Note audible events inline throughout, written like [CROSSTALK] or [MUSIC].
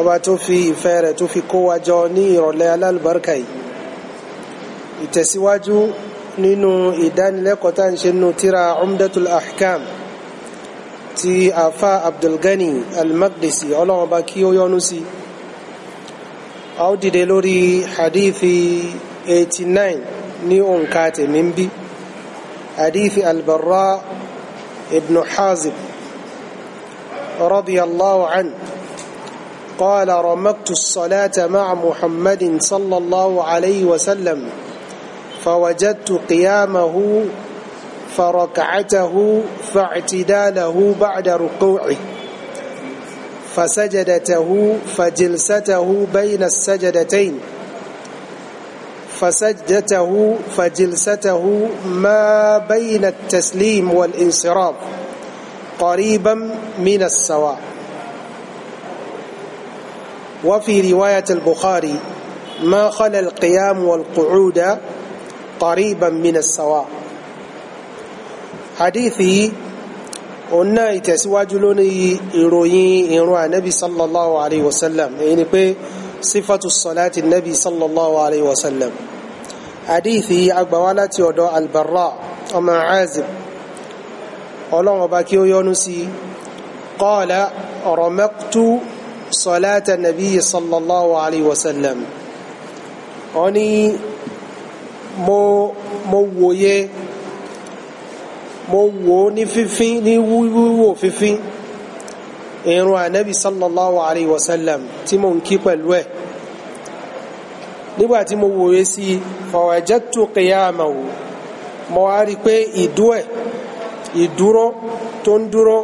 ọba tó fi ìfẹ́ rẹ̀ tó fi kó wa jọ ní ìrọ̀lẹ́ alálùbáríkà yìí ìtẹ̀síwájú nínú ìdánilẹ́kọ̀ọ́ tá à ń ṣe nínú tíra umdatul ahkam ti afa abdulgani almaqdisi ọlọ́run kí ó yọ́nú sí a ó dìde lórí hadithi 89 ní òǹkà tèmi ń bí hadithi albarra ibn hazib رضي الله عنه قال رمقت الصلاة مع محمد صلى الله عليه وسلم فوجدت قيامه فركعته فاعتداله بعد ركوعه فسجدته فجلسته بين السجدتين فسجدته فجلسته ما بين التسليم والانصراف قريبا من السواء وفي رواية البخاري ما خلا القيام والقعود قريبا من السواء حديثي ọ̀nà ìtẹ̀síwájú lónìí ìròyìn ìrun ànábì sallallahu alayhi wa sallam èyí ni pé sífàtú sọláàtì nábì sallallahu alayhi wa sallam àdíìsì agbàwá láti ọ̀dọ̀ albarra ọmọ azib ọlọ́run ọba kí ó yọ́nú sí qala ramaktu صلاة النبي صلى الله عليه وسلم أني مو mo wòye mo wò ní fífín ní wíwò fífín ìrun ànábì sallallahu alayhi wa sallam tí mo ń kí pẹ̀lú ẹ̀ nígbà tí mo wòye sí fawajadtu qiyamahu mo wá rí pé ìdú ẹ̀ ìdúró tó ń dúró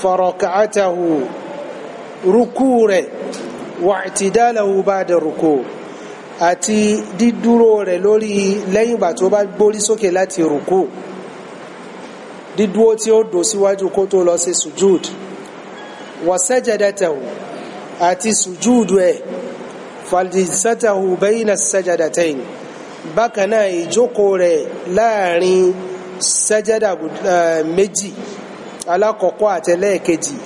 faraka'atahu rukú rẹ̀ wà i'tidalahu ba'da rukú àti dídúró rẹ̀ lórí lẹ́yìn ìgbà tó bá gbórí sókè láti rukú dídúró tí ó dò síwájú kó tó lọ sí sujúd wa sajadatahu àti sujúdù ẹ̀ fàlìsátàhù bayna sajadatayn bákan náà ìjókòó rẹ̀ láàrin sajada eh, méjì alákọ̀ọ́kọ́ àtẹlẹ́ẹ̀kejì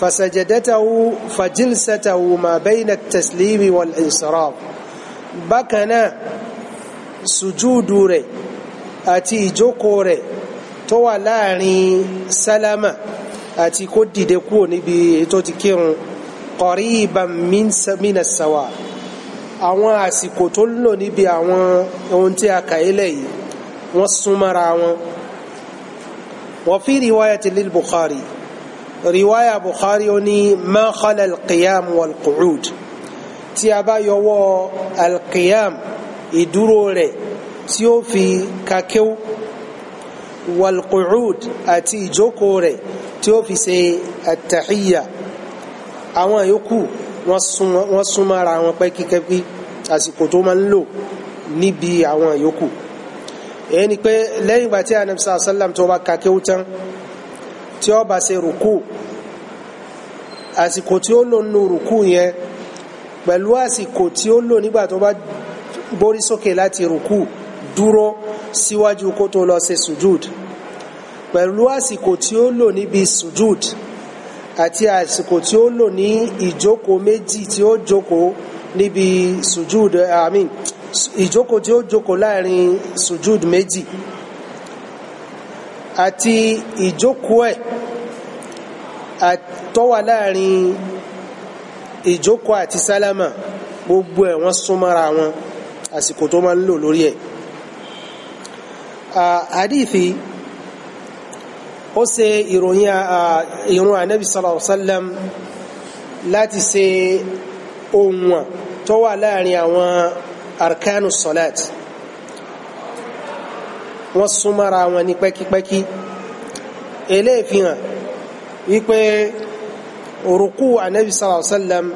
فسجدته فجلسته ما بين التسليم والانصراف بكنا سجود ري أتي جوكوري tó wà láàrin sálámà àti kó dìde kúrò níbi tó ti kírun qariban min as-sawa àwọn àsìkò tó ń lò níbi ohun tí a kà ilẹ̀ yìí wọ́n súnmọ́ra wa fi riwayati lil Bukhari riwaya Bukhari ó ní ma khala alqiyam walqu'ud tí a bá yọwọ́ alqiyam ìdúró rẹ̀ tí ó fi kakéw walqu'ud àti ìjókòó rẹ̀ tí ó fi ṣe àtàhíyà àwọn yòókù wọ́n súnmọ́ra wọn pẹ́ kíkẹ́kí àsìkò tó máa ń lò níbi àwọn yòókù èyí ni pé lẹ́yìn ìgbà tí anamsa sallam tó bá kakéw tí ó bá ṣe rùkú àsìkò tí ó lò nínú rùkú yẹn pẹ̀lú àsìkò tí ó lò nígbà tó bá borí sókè láti rùkú dúró síwájú kó tó lọ ṣe sujud pẹ̀lú àsìkò tí ó lò níbi sujud àti àsìkò tí ó lò ní ìjókòó méjì tí ó jókòó níbi sujud àmín ìjókòó tí ó jókòó láàrin sujud méjì. Uh, àti ìjókòó ẹ̀ àtọ́wà láàrin ìjókòó àti sálámà gbogbo ẹ̀ wọ́n súnmọ́ra wọn àsìkò tó máa ń lò lórí ẹ̀ hadithi ó ṣe ìròyìn ìrun ànábì sallallahu láti ṣe ohun tó láàrin àwọn arkanu salat. salat wọ́n súnmọ́ra wọn ní pẹ́kípẹ́kí eléyìí fi hàn wípé rùkú anabi sallallahu alayhi wa sallam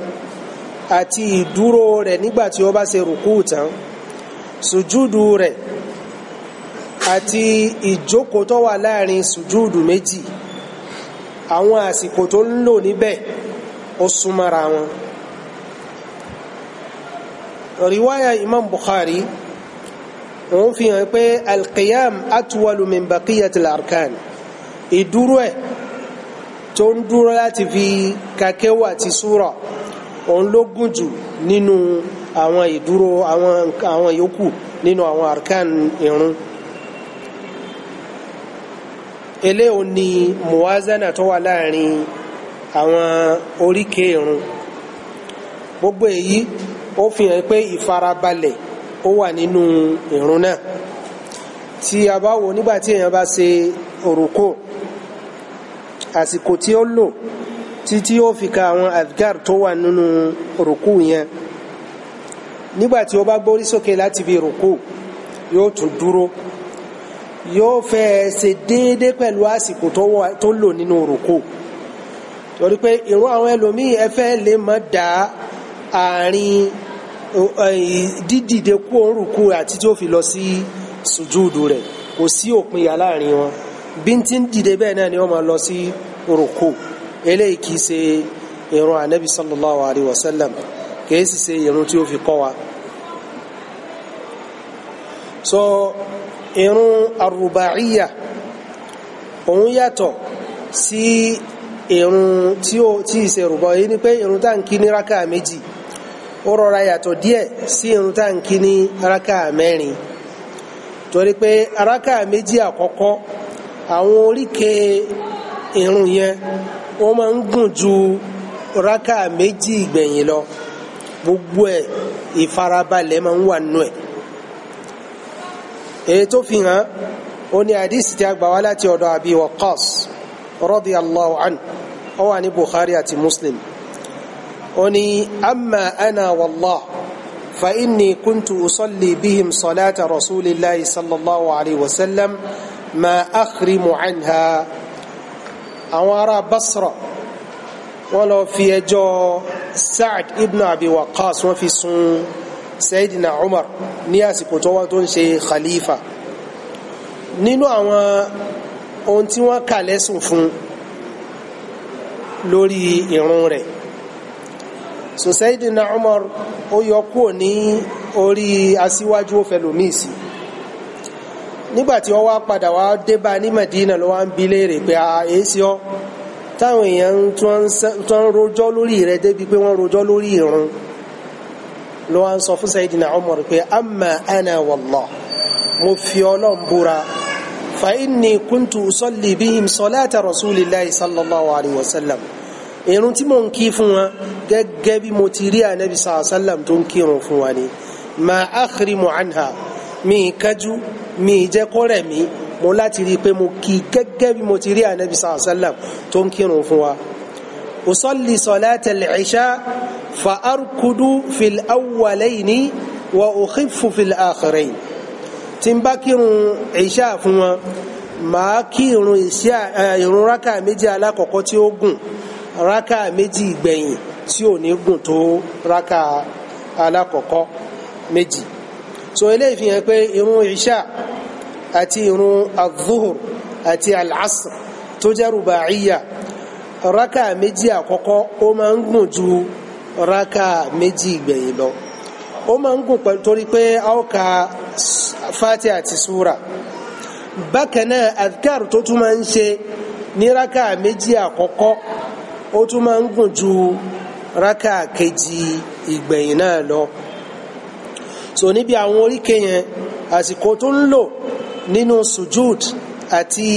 àti ìdúró rẹ̀ nígbà tí ó bá ṣe rùkú tán sùjúdù rẹ̀ àti ìjókòó tó wà láàrin sùjúdù méjì àwọn àsìkò tó ń lò níbẹ̀ ó súnmọ́ra wọn riwaya imam bukhari òun fi hàn pé alqiyam atwalu min baqiyatil arkan ìdúró ẹ̀ tó ń dúró láti fi kakéwà àti súrà òun ló gùn jù nínú àwọn ìdúró àwọn yòókù nínú àwọn arkan irun eléyìí ni muwazana tó wà láàrin àwọn oríkèé irun gbogbo èyí ó fi hàn pé ìfarabalẹ̀ ó wà nínú ìrun náà tí a bá wo nígbà tí èèyàn bá ṣe òrùkò àsìkò tí ó lò títí ó fi ka àwọn adgar tó wà nínú òrùkù yẹn nígbà tí ó bá gbórí sókè láti fi òrùkù yóò tún dúró yóò fẹ́ ṣe déédé pẹ̀lú àsìkò tó lò nínú òrùkù torí pé ìrun àwọn ẹlòmíì ẹ lè má dá àárín Eh, dídìde kú orúkú àti tí ó fi lọ sí sùjúdù rẹ̀ kò sí òpin yà láàrin wọn bí n ti ń dìde bẹ́ẹ̀ náà ni wọ́n máa lọ sí orúkú eléyìí kì í ṣe ìrun ànábì sallallahu alayhi wa sallam kì í sì ṣe ìrun tí ó fi kọ́ wa. so ìrun arubaiya òun yàtọ̀ sí ìrun tí ó tí ì ṣe rúbọ yìí ni pé ìrun tá à kí ní rákà méjì. ó rọra yàtọ̀ díẹ̀ sí irun tá à ń ní araka mẹ́rin torí pé araka méjì àkọ́kọ́ àwọn oríkèé irun yẹn wọ́n máa ń gùn ju raka méjì ìgbẹ̀yìn lọ gbogbo ẹ̀ ìfarabalẹ̀ máa ń wà nù ẹ̀ èyí tó fi hàn ó ní àdísì tí a gbà wá láti ọ̀dọ̀ Abi Waqqas wà Bukhari àti Muslim أني أما أنا والله فإني كنت أصلي بهم صلاة رسول الله صلى الله عليه وسلم ما أخرم عنها أوارى بصرة ولو في أجو سعد ابن أبي وقاص وفي سن سيدنا عمر نياسي كتوة شي خليفة nínú àwọn ohun tí wọ́n kà lẹ́sùn fún lórí ìrun rẹ̀ so Sayyidina Umar ó yọ kúrò ní orí aṣíwájú ó fẹ́ lòmíì sí nígbàtí ó wá padà wá dé bá ní Madina ló wá ń bi léèrè pé a èsì ọ táwọn èèyàn tó ń rojọ́ lórí rẹ débi pé wọ́n rojọ́ lórí ìrun ló wá ń sọ fún Sayyidina Umar pé amma ana wallah mo fi ọlọ́run búra fa inni kuntu usalli bihim salata rasulillahi sallallahu alayhi wa sallam irun tí mò ń kí fún wa gẹ́gẹ́ bí mo ti rí ànábi sàásálàm tó ń kírun fún wa ni mà áhìrìmù àǹhà mi kájú mi jẹ́ kó rẹ̀ mí mo láti rí i pé mo kí gẹ́gẹ́ bí mo ti rí ànábi sàásálàm tó ń kírun fún wa. أصلي صلاة العشاء فأركض في الأولين وأخف في الآخرين tí n bá kírun ìṣá fún wọn màá kí irun ìṣá eh, irun rákà méjì alákọ̀ọ́kọ́ tí ó Raka méjì gbẹ̀yìn tí ò ní gùn tó rákà alákọ̀ọ́kọ́ méjì so eléyìí fi hàn pé irun ìṣà àti irun azuhur àti alasr tó jẹ́ rubaiya rákà méjì àkọ́kọ́ ó máa ń gùn ju raka méjì gbẹ̀yìn lọ ó máa ń gùn torí pé a fati àti sura. bákan náà adkar tó tún máa ń ṣe ní rákà méjì àkọ́kọ́ ó tún máa ń gùn ju rákà kejì ìgbẹ̀yìn náà lọ so níbi àwọn oríkèé yẹn àsìkò tó ń lò nínú sujud àti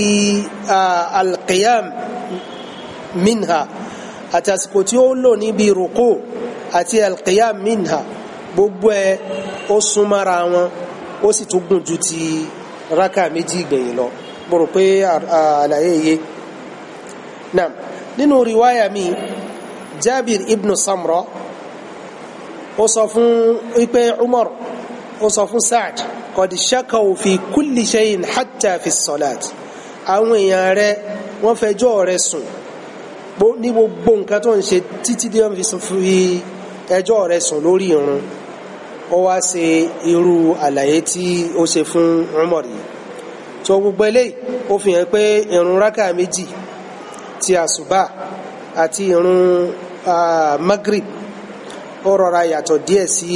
alqiyam minha àti àsìkò tí ó lò níbi ruku àti alqiyam minha gbogbo ẹ ó súnmọ́ra wọn ó sì tún gùn ju ti rákà méjì ìgbẹ̀yìn lọ mo rò pé àlàyé yé náà nínú riwaya mi Jabir ibn Samra ó sọ fún wípé Umar ó sọ fún Sa'd qad shakaw fi kulli shay'in hatta fi salat àwọn èèyàn rẹ̀ wọ́n fẹjọ́ rẹ̀ sùn ní gbogbo nǹkan tó ń ṣe títí dé wọ́n fi ẹjọ́ rẹ̀ sùn lórí irun ó wá ṣe irú àlàyé tí ó ṣe fún Umar yìí tó gbogbo eléyìí ó fi hàn pé irun rákà méjì ti àṣùbà àti ìrun magrib ó rọra yàtọ̀ díẹ̀ sí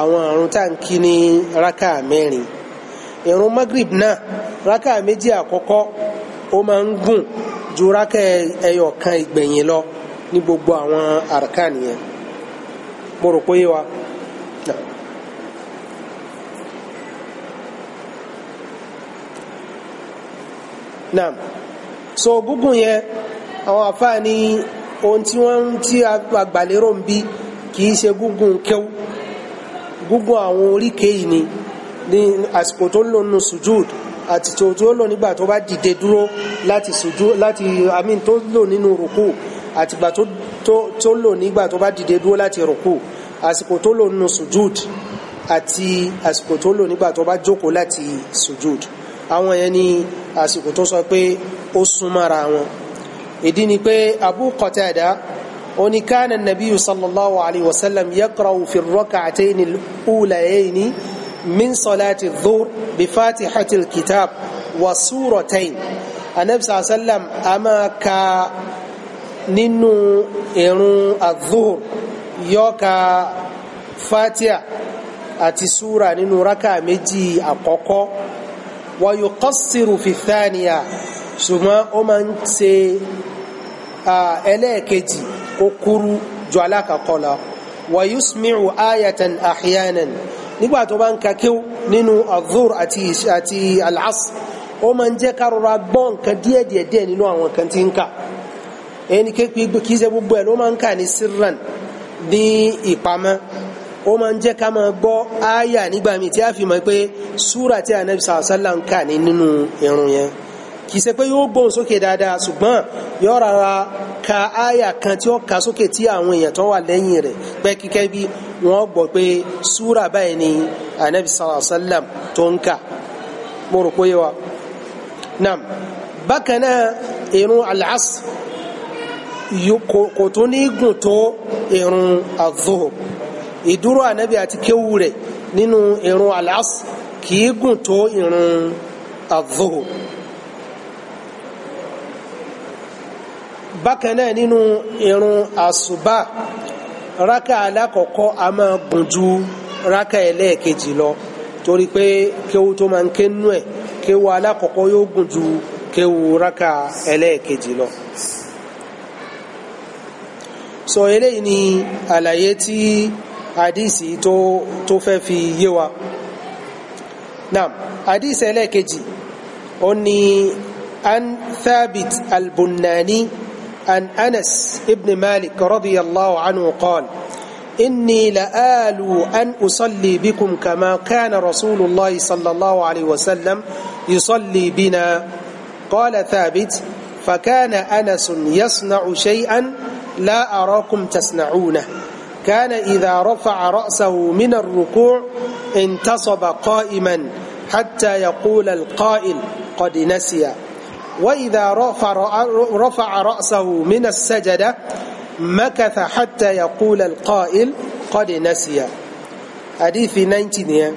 àwọn ìrun tá à ń kí ní rákà mẹ́rin ìrun magrib náà rákà méjì àkọ́kọ́ ó máa ń gùn ju rákà ẹyọ kan ìgbẹ̀yìn lọ ní gbogbo àwọn arkan yẹn mo rò pé wa. Naam so gúngùn yẹn àwọn àfáà ní ohun tí wọ́n ti àgbàlérò ń bí kìí ṣe gúngùn kéw gúngùn àwọn oríkèé ni ní àsìkò tó ń lò nù sùjúd àti tó tó lò nígbà tó bá dìde dúró láti sùjú láti àmín tó lò nínú rùkú àtìgbà tó tó lò nígbà tó bá dìde dúró láti rùkú àsìkò tó lò nínú sùjúd àti àsìkò tó lò nígbà tó bá jókòó láti sùjúd àwọn yẹn ni àsìkò tó sọ pé ó súnmọ́ra wọn ìdí ni pé Abu Qatada ó ní kana nabiyu sallallahu alayhi wa sallam yaqra'u fi rak'atayni al-ulayayni min salati dhuhr bi fatihati al-kitab wa suratayn anabi sallallahu alayhi wa sallam a máa ka nínú ìrun adhuhr yóò ka àti súra nínú rákà méjì àkọ́kọ́ wa yuqassiru fi thaniya ṣùgbọ́n ó máa ń ṣe ẹlẹ́ẹ̀kejì ó kúrú ju alákọ̀ọ́kọ́ lọ wa yusmi'u ayatan ahyanan nígbà tó bá ń ka kíw nínú adúr àti àti al'as ó máa ń jẹ́ kárọra gbọ́ nǹkan díẹ̀ díẹ̀ díẹ̀ nínú àwọn nǹkan tí ń kà ẹni kéèpé kì í ṣe gbogbo ẹ̀ ló máa ń kà ní sirran ní ìpamọ́ ó máa ń jẹ́ ká máa gbọ́ áyà nígbà míì tí a fi mọ̀ pé súrà tí anabi sàlá ń kà ní nínú irun yẹn kìí ṣe pé yóò gbóhùn sókè dáadáa ṣùgbọ́n yóò rárá ka àyà kan tí ó ka sókè tí àwọn èèyàn tó wà lẹ́yìn rẹ̀ pé kíkẹ́ bí wọ́n gbọ́ pé súrà báyìí ni anabi sallallahu alayhi wa sallam tó ń kà mo rò wa nam bákan náà irun alas kò tó ní gùn tó irun azuhu ìdúró anabi àti kéwù rẹ̀ nínú irun alas kìí gùn tó irun azuhu. bákan náà nínú irun àsùbá rákà alákọ̀ọ́kọ́ a máa gùn ju rákà ẹlẹ́ẹ̀kejì lọ torí pé kéwu tó máa ń ké nú ẹ̀ kéwu alákọ̀ọ́kọ́ yóò gùn ju kéwu rákà ẹlẹ́ẹ̀kejì lọ so eléyìí ni àlàyé tí àdìsí tó fẹ́ fi yé wa naam àdìsí ẹlẹ́ẹ̀kejì ó ní an Thabit al عن أنس ابن مالك رضي الله عنه قال إني لآل أن أصلي بكم كما كان رسول الله صلى الله عليه وسلم يصلي بنا قال ثابت فكان أنس يصنع شيئا لا أراكم تصنعونه كان إذا رفع رأسه من الركوع انتصب قائما حتى يقول القائل قد نسي وإذا رفع, رفع رأسه من السجدة مكث حتى يقول القائل قد نسي حديث 19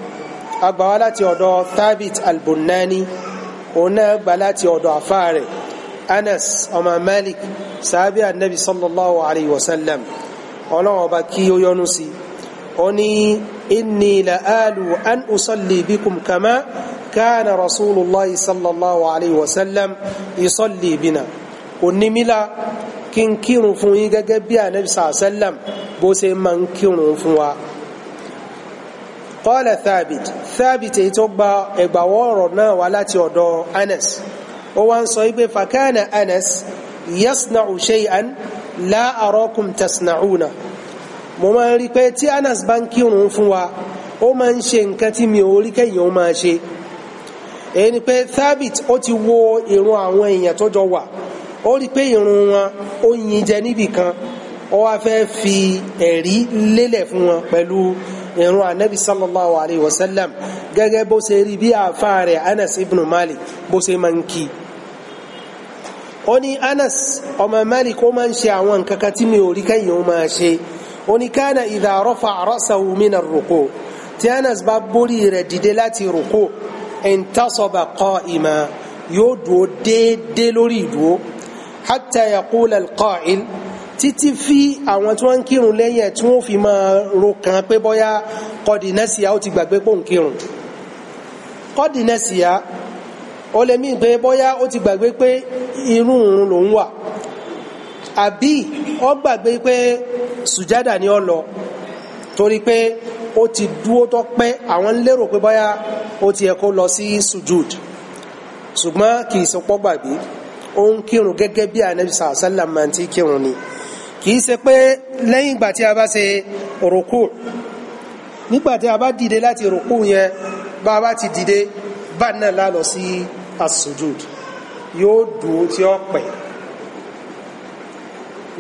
أقبالات يودو ثابت البناني هنا أقبالات يودو أفاري أنس أما مالك سابع النبي صلى الله عليه وسلم ọlọ́run ọba kí ó yọ́nú sí ó ní inni la كان رسول الله صلى الله عليه وسلم يصلي بنا ونملا كن كيرو فوني جابيا النبي صلى الله عليه وسلم بوسي من كيرو فوا قال ثابت ثابت يتوبا اغباورنا ولاتي اودو انس وان صيب فكان انس يصنع شيئا لا اراكم تصنعونه mo máa rí بان tí فوا bá ń kírun fún wa ó mi ò rí kẹ́yìn ó máa èyí ni pé Thabit ó ti wo ìrun àwọn èèyàn tó jọ wà ó rí pé ìrun wọn ó yin jẹ níbì kan ó wá fẹ́ fi ẹ̀rí lélẹ̀ fún wọn pẹ̀lú ìrun anabi sallallahu alayhi wa sallam gẹ́gẹ́ bó ṣe rí bí àáfàá rẹ̀ Anas ibn Malik bó ṣe máa ń kí ó ní Anas ọmọ Malik ó máa ń ṣe àwọn nǹkan kan tí mi ò rí kẹ́yìn ó máa ṣe ó ní kánà idha rafa'a ra'sahu min tí Anas bá borí rẹ̀ dìde láti rùkú intasaba qa'ima yóò dúró déédéé lórí ìdúró hatta yaqula al-qa'il títí fi àwọn tí wọ́n ń kírun lẹ́yìn ẹ̀ tí wọ́n fi máa ro kan pé bọ́yá kọ́dínẹ́sìá ó ti gbàgbé pò ń kírun kọ́dínẹ́sìá ó lè mí pé bọ́yá ó ti gbàgbé pé irú òun lòún wà àbí ó gbàgbé pé sùjádà ni ó lọ torí pé ó ti dúó tó pẹ́ àwọn lérò pé báyà ó ti yẹ kó lọ sí sujud ṣùgbọ́n kì í sọpọ́ gbàgbé ó ń kírun gẹ́gẹ́ bí anabi sàlám máa ti kírun ni kì í ṣe pé lẹ́yìn ìgbà tí a bá ṣe rùkú nígbà tí a bá dìde láti rùkú yẹn bá a bá ti dìde bá náà lálọ sí asujud yóò dúó tí ó pẹ́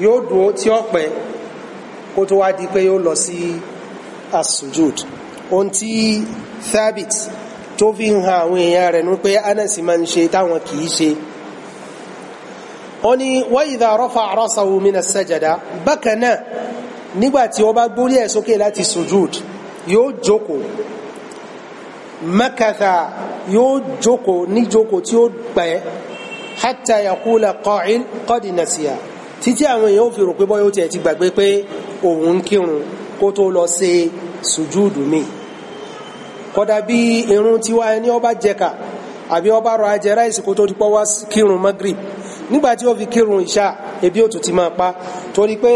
yóò dúó tí ó pẹ́ kó tó wá di pé yóò lọ sí. Si as-sujud ohun tí Thabit tó fi ń ha àwọn èèyàn rẹ̀ ní pé Anas máa ń ṣe táwọn kì í ṣe ó ní wa idha rafa'a ra'sahu min as-sajada bákan náà nígbàtí ó bá gbórí ẹ̀ sókè láti sujud yóò jókòó makatha yóò jókòó ní jókòó tí ó pẹ́ hatta yaqula qa'il qad títí àwọn èèyàn ò fi rò pé bọ́yọ̀ tiẹ̀ ti gbàgbé pé òun kírun kó tó lọ ṣe é sùjúùdù mi kódà bí irun tiwa ẹni ọba jẹka àbí ọba rọ ajẹ ráìsì kó tó di pọ́ wá kírun magrib nígbà ó fi kírun ebi ó tún ti máa pa torí pé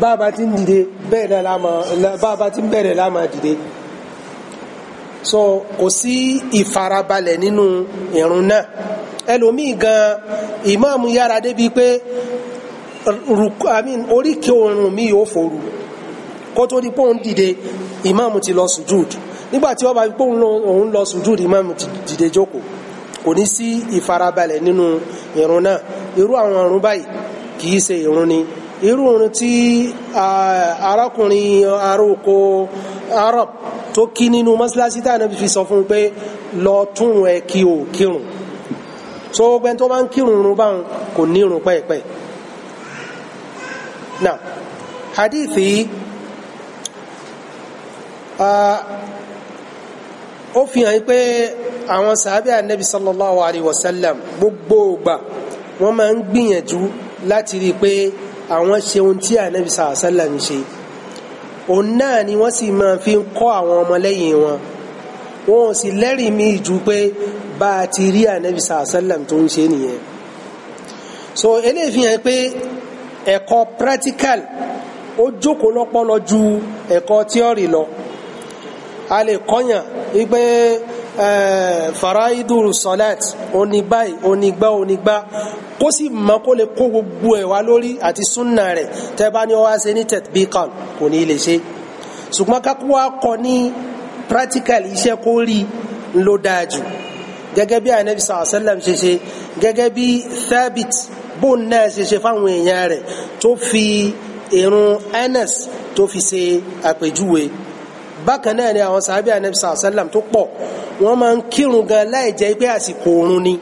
bàbá ti ń dìde bẹ́ẹ̀ la ti dìde so kò sí ìfarabalẹ̀ nínú irun náà ẹlòmíì gan ìmáàmù yára débi pé oríkèé oorun mi yóò fòrú kó tó di pé òun dìde ìmáàmù ti lọ sùjúd nígbà tí ó bá di pé òun lọ sùjúd ìmáàmù ti dìde jókòó kò ní sí ìfarabalẹ̀ nínú ìrun náà irú àwọn ìrun báyìí kì ṣe ìrun ni irú ìrun tí arákùnrin aróko arab tó kí nínú mọ́sálásí tí Ànábì fi sọ fún pé lọ tún ẹ kí o kírun so gbẹ́ni tó bá ń kírun irun báwọn kò ní irun pẹ́ẹ̀pẹ́ẹ̀ náà hadithi yìí ó fi hàn pé àwọn sàábẹ́ ànábì sallallahu alayhi wa sallam gbogbo ògbà wọ́n máa ń gbìyànjú láti rí i pé àwọn ṣe ohun tí ànábì sallallahu alayhi wa sallam ṣe òun náà ni wọ́n sì máa fi ń kọ́ àwọn ọmọlẹ́yìn wọn wọn sì lẹ́rìí mi jù pé bá a ti rí ànábì sallallahu sallam tó ń ṣe nìyẹn so eléyìí fi hàn pé ẹ̀kọ́ practical ó jókòó lọ́pọlọ ju ẹ̀kọ́ theory lọ a lè kọ́yàn wípé faraidu salat onígbà onígbà onígbà kó sì mọ kó lè kó gbogbo ẹ̀ wá lórí àti súnà rẹ̀ tẹ́ bá ní ó wá ṣe ní tẹ̀bíkan kò ní lè ṣe ṣùgbọ́n kákúwá kọ ní practical iṣẹ́ kó rí ló dáa jù gẹ́gẹ́ bí anabi sàlẹm ṣe ṣe gẹ́gẹ́ bí Thabit bóun náà ṣe ṣe fáwọn èèyàn rẹ̀ tó fi irun Anas tó fi ṣe àpèjúwe bákan náà ni àwọn sàábì anabi sàlám tó pọ̀ wọ́n máa ń kírun gan láì jẹ́ pé àsìkò oorun ni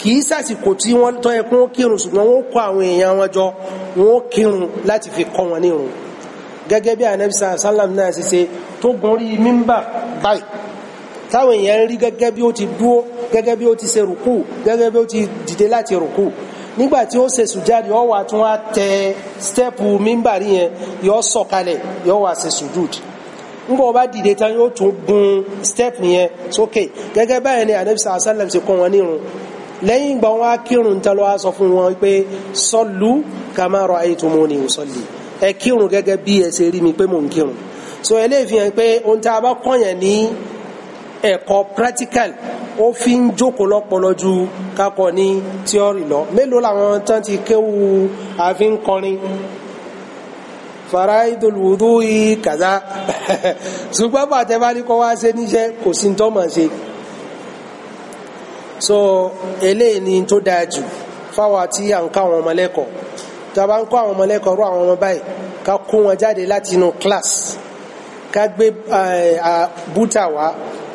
kì sàsìkò tí wọ́n tọ́ ẹ kó kírun ṣùgbọ́n wọ́n kó àwọn èèyàn wọn jọ wọ́n kírun láti fi kọ́ wọn nírun gẹ́gẹ́ bí anabi sàlám náà ṣe ṣe tó gun mímbà báyìí táwọn èèyàn rí gẹ́gẹ́ bí ó ti dúó gẹ́gẹ́ bí ó ti ṣe rùkú gẹ́gẹ́ bí ó ti dìde láti rùkú nígbà tí ó ṣe sùjáde yóò wá tún wá tẹ stẹ́pù mímbàrí yẹn yóò sọ̀kalẹ̀ yóò wá ṣe sùjúd ngbọ bá dìde tán yóò tún gun stẹ́pù yẹn sókè gẹ́gẹ́ báyẹn ni anabi sàlẹ sàlẹ ṣe kọ́ wọn nírun lẹ́yìn ìgbà wọn á kírun tán lọ wá sọ fún wọn pé sọlù kama ra'aytumuni usalli ẹ kírun gẹ́gẹ́ bí ẹ ṣe rí mi pé mò ń kírun so eléyìí fi hàn pé ohun tá a bá kọ́ yẹn ní ẹ̀kọ́ practical ó fi ń jókòó lọ́pọlọ ju kakọ ní tíọ́rì lọ mélòó làwọn tán ti kéwu àfi ń kọrin faraidul wudu'i kàdá [LAUGHS] ṣùgbọ́n bàtẹ́ bá ní kọ́ wá ṣe níṣẹ́ kò sí ń tọ́mọ̀ ṣe so eléyìí ni tó dáa jù fáwọn àti à ń kọ́ àwọn ọmọ lẹ́kọ̀ọ́ tá ń kọ́ àwọn ọmọ lẹ́kọ̀ọ́ rú àwọn ọmọ báyìí ká kó wọn jáde láti inú class ká gbé eh, bútà wá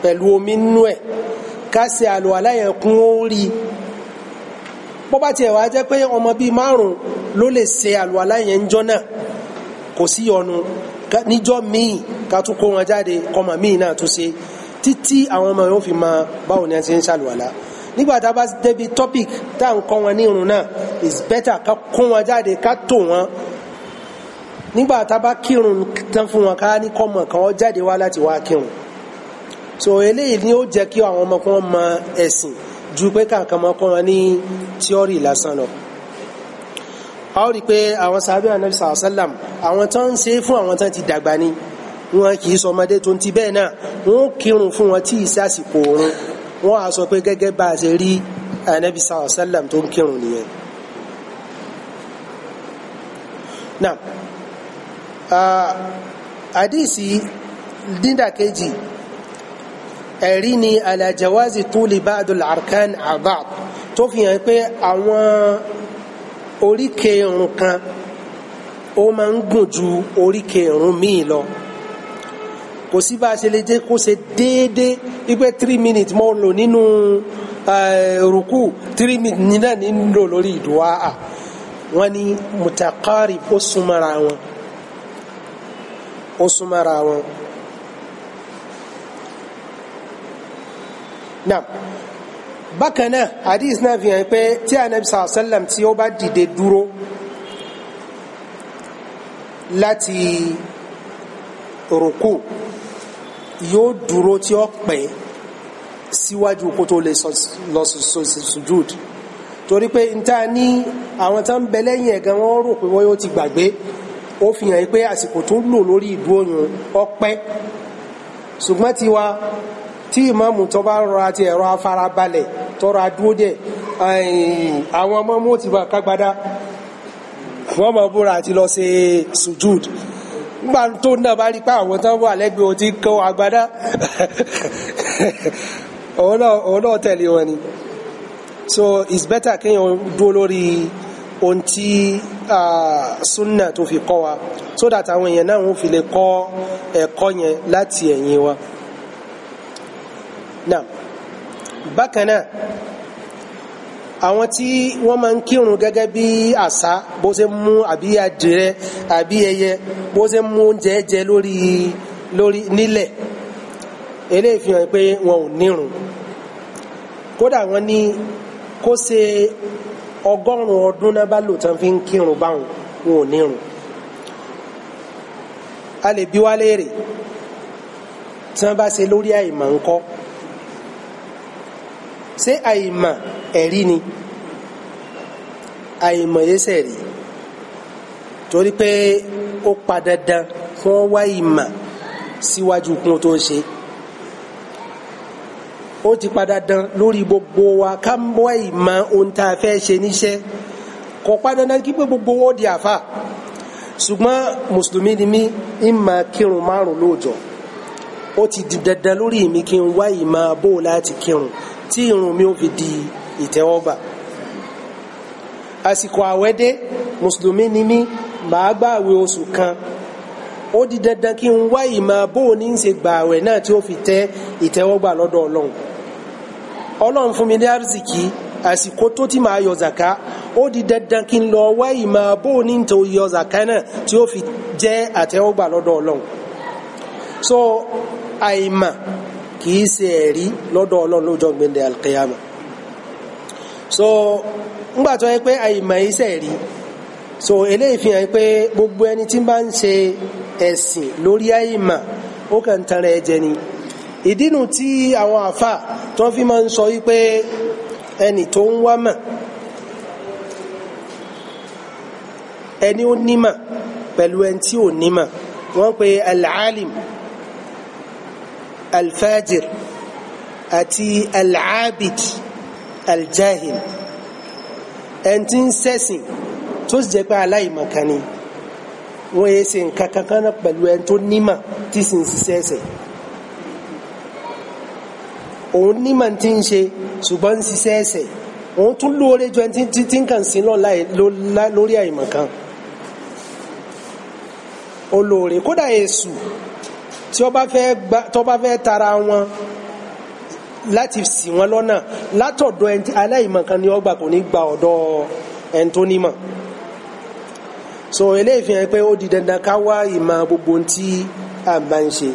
pẹ̀lú omi nínú ẹ̀ ká ṣe àlùwàlá yẹn kún ó rí bó bá tiẹ̀ wá jẹ́ pé ọmọ bíi márùn ló lè ṣe àlùwàlá yẹn níjọ́ náà kò sí ọ̀nù níjọ́ míì ká tún kó wọn jáde kọmọ míì náà tún ṣe títí àwọn ọmọ yóò fi máa báwo ni a ṣe ń ṣàlùwàlá nígbà tá a bá débi topic tá à ń kọ́ wọn ní irun náà is better ká kó wọn jáde ká tò wọn nígbà tá a bá kírun tán fún wọn ká ní kọ́mọ kan jáde wá láti wá kírun so eléyìí ni ó jẹ́ kí àwọn ọmọkùnrin mọ ẹ̀sìn ju pé kankan ọmọkùnrin ní tíọ́rì lásán lọ a ó rí i pé àwọn sábẹ́ anabi sàlọ́ sálàm àwọn tó ń ṣe fún àwọn tó ti dàgbà ni wọn kì í sọ ọmọdé tó ń ti bẹ́ẹ̀ náà wọn kírun fún wọn tí ìṣe àsìkò òun wọn á sọ pé gẹ́gẹ́ bá a ṣe rí anabi sàlọ́ sálàm tó ń kírun nìyẹn. náà àdìsí ah, dídàkejì ẹ̀rí ni alajawazi tuli ba'dul arkan abad tó fi hàn pé àwọn oríkè irun kan ó máa ń gùn ju oríkè irun míì lọ kò sí bá a ṣe lè jẹ́ kó ṣe déédéé wípé three minutes mo lò nínú eh, rukú three minutes nílẹ̀ nílò lórí ìdùwà à wọ́n ní mutaqarib ó súnmọ́ra wọn ó súnmọ́ra wọn. náà bákan náà hadith náà fi hàn pé tí anabi sàlám tí ó bá dìde dúró láti rùkú yóò dúró tí ó pẹ́ síwájú kó tó lè lọ sùjúd torí pé n ta ní àwọn tó ń bẹ ẹ̀gán wọ́n rò pé wọ́n yóò ti gbàgbé ó fi hàn pé àsìkò tó lò lórí ìdúró yẹn ó pẹ́ ṣùgbọ́n tí ìmáàmù tó bá rọra ti ẹ̀rọ afárabalẹ̀ tọrọ adúró dẹ̀ àwọn ọmọ mú ti bá kágbádá wọ́n mọ̀ búra àti lọ ṣe sujud nígbà tó náà bá rí pé àwọn tán wà lẹ́gbẹ̀ẹ́ o ti kọ́ agbádá [LAUGHS] òun náà tẹ̀lé wọn ni so it's better kéèyàn dúró lórí ohun tí sunna tó fi kọ́ wa so that àwọn èèyàn náà wọ́n fi lè kọ́ ẹ̀kọ́ yẹn láti ẹ̀yìn wa náà bákan náà àwọn tí wọ́n máa ń kírun gẹ́gẹ́ bí àṣà bó ṣe mú àbí adìrẹ àbí ẹyẹ bó ṣe mú oúnjẹ jẹ lórí lórí nílẹ̀ eléyìí fi hàn pé wọn ò nírun kódà wọ́n ní kó ṣe ọgọ́rùn ọdún náà bá lò tán fi ń kírun báwọn wọn ò nírun a lè bi wá léèrè tí wọ́n bá ṣe lórí àìmọ̀ ńkọ́ ṣé àìmọ̀ ẹ̀rí ni àìmọ̀ yẹsẹ̀ rí torí pé ó pa dandan kí wọ́n wá ìmọ̀ síwájú kún tó ṣe ó ti pa dandan lórí gbogbo wa ká ń wá ìmọ̀ ohun tá a fẹ́ ṣe níṣẹ́ kò pa dandan kí pé gbogbo wọn di àfà ṣùgbọ́n mùsùlùmí ni mí ń kírun márùn lóòjọ́ ó ti di dandan lórí mi kí n wá ìmọ̀ bó láti kírun tí irun mi fi di ìtẹ́wọ́gbà àsìkò àwẹ́dé mùsùlùmí ni mí màá gbààwẹ̀ oṣù kan ó di dandan kí n wá ìmọ̀ o ní í ṣe gbààwẹ̀ náà tí ó fi tẹ́ ìtẹ́wọ́gbà lọ́dọ̀ ọlọ́run ọlọ́run fún mi ní àrísìkí àsìkò tó ti máa yọ zàká ó di dandan kí n lọ wá ìmọ̀ bó ní tó yọ zàká fi jẹ́ àtẹ́wọ́gbà lọ́dọ̀ ọlọ́run so àìmọ̀ kìí ṣe ẹ̀rí lọ́dọ̀ ọlọ́run lọ́jọ́ gbẹ̀ndẹ̀ alqiyama so ńgbà tó yẹ pé àyìnbá iṣẹ́ ẹ̀rí so eléyìí fi hàn pé gbogbo ẹni tí bá ń ṣe ẹ̀sìn lórí àyìnbá ó kàn ń tan ni ìdínú tí àwọn àfà tó fi máa ń sọ wípé ẹni tó ń wá mà ẹni ó nímà pẹ̀lú ẹni tí ò wọ́n pe al-alim الفاجر، àti العابد الجاهل، ẹni tí ń ṣẹ̀sìn tó sì jẹ́ pé aláìmọ̀kan ni wọ́n yẹ ṣe nǹkan kankan náà pẹ̀lú ẹni tó nímọ̀ tí sì ń ṣiṣẹ́ ẹsẹ̀ òun nímọ̀ tí ń ṣe ṣùgbọ́n ń ṣiṣẹ́ òun tún lóore ju ẹni tí tí ń kàn sí lọ lórí àìmọ̀kan olóore kódà èṣù tí ó bá fẹ́ gba tó bá fẹ́ tara wọn láti ṣì wọn lọ́nà látọ̀dọ̀ ẹni aláìmọ̀ kan ọgbà kò ní gba ọ̀dọ̀ ẹni tó nímọ̀ so eléyìí fi hàn pé ó di dandan ká wá ìmọ̀ gbogbo tí a bá ń ṣe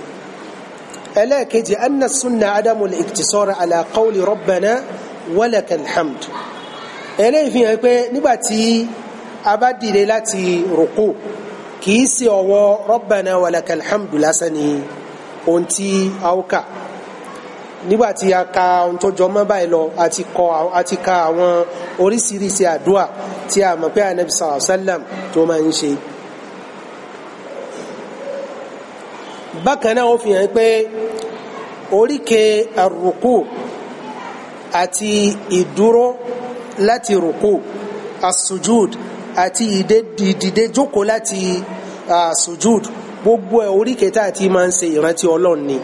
ẹlẹ́ẹ̀kejì anna sunna adamu al-iktisar ala qawli rabbana walaka alhamd eléyìí fi hàn pé nígbàtí a bá dìde láti rùkú kìí ṣe ọwọ́ rabbana walakal hamdu lásán ni ohun tí a ó kà nígbàtí a ka ohun tó jọmọ́ báyìí lọ àti kọ àti ka àwọn oríṣiríṣi àdúà tí a mọ̀ pé anabi sallallahu alayhi wa sallam tó máa ń ṣe. bákan náà ó fi hàn pé oríkè àrùkù àti ìdúró láti rùkù asujud. As àti ìdìde jókòó láti sujud gbogbo ẹ̀ oríkèé tá a ti máa ń ṣe ìrántí ọlọ́run ni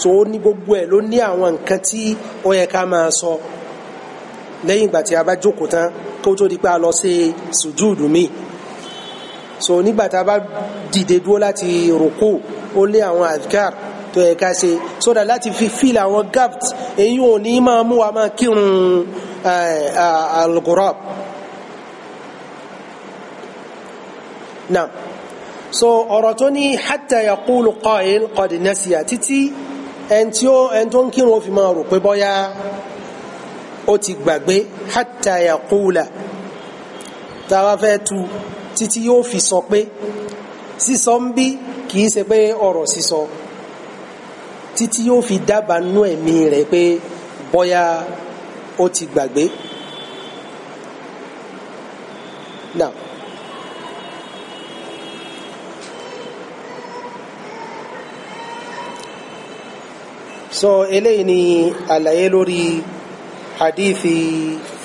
so ó ní gbogbo ẹ̀ ló ní àwọn nǹkan tí ó yẹ ká máa sọ lẹ́yìn ìgbà tí a bá jókòó tán kó tó di pé a lọ ṣe sùjúùdù míì so nígbà tá a bá dìde dúró láti rùkú ó lé àwọn adhkar tó yẹ ká ṣe sódà láti fi fíìlì àwọn gapt èyí ò ní máa mú wa máa kírun al Uh, uh, náà so ọ̀rọ̀ tó ní hatta yaqulu qa'il qad nasiya títí ẹn tí ó ẹn tó ń kírun ó fi máa rò pé bọ́yá ó ti gbàgbé hatta yaqula tá a bá fẹ́ tu títí yóò fi sọ pé sísọ ń bí kì í ṣe pé ọ̀rọ̀ sísọ títí yóò fi dábàá nú ẹ̀mí rẹ̀ pé bọ́yá ó ti gbàgbé náà. so eléyìí ni àlàyé lórí hadithi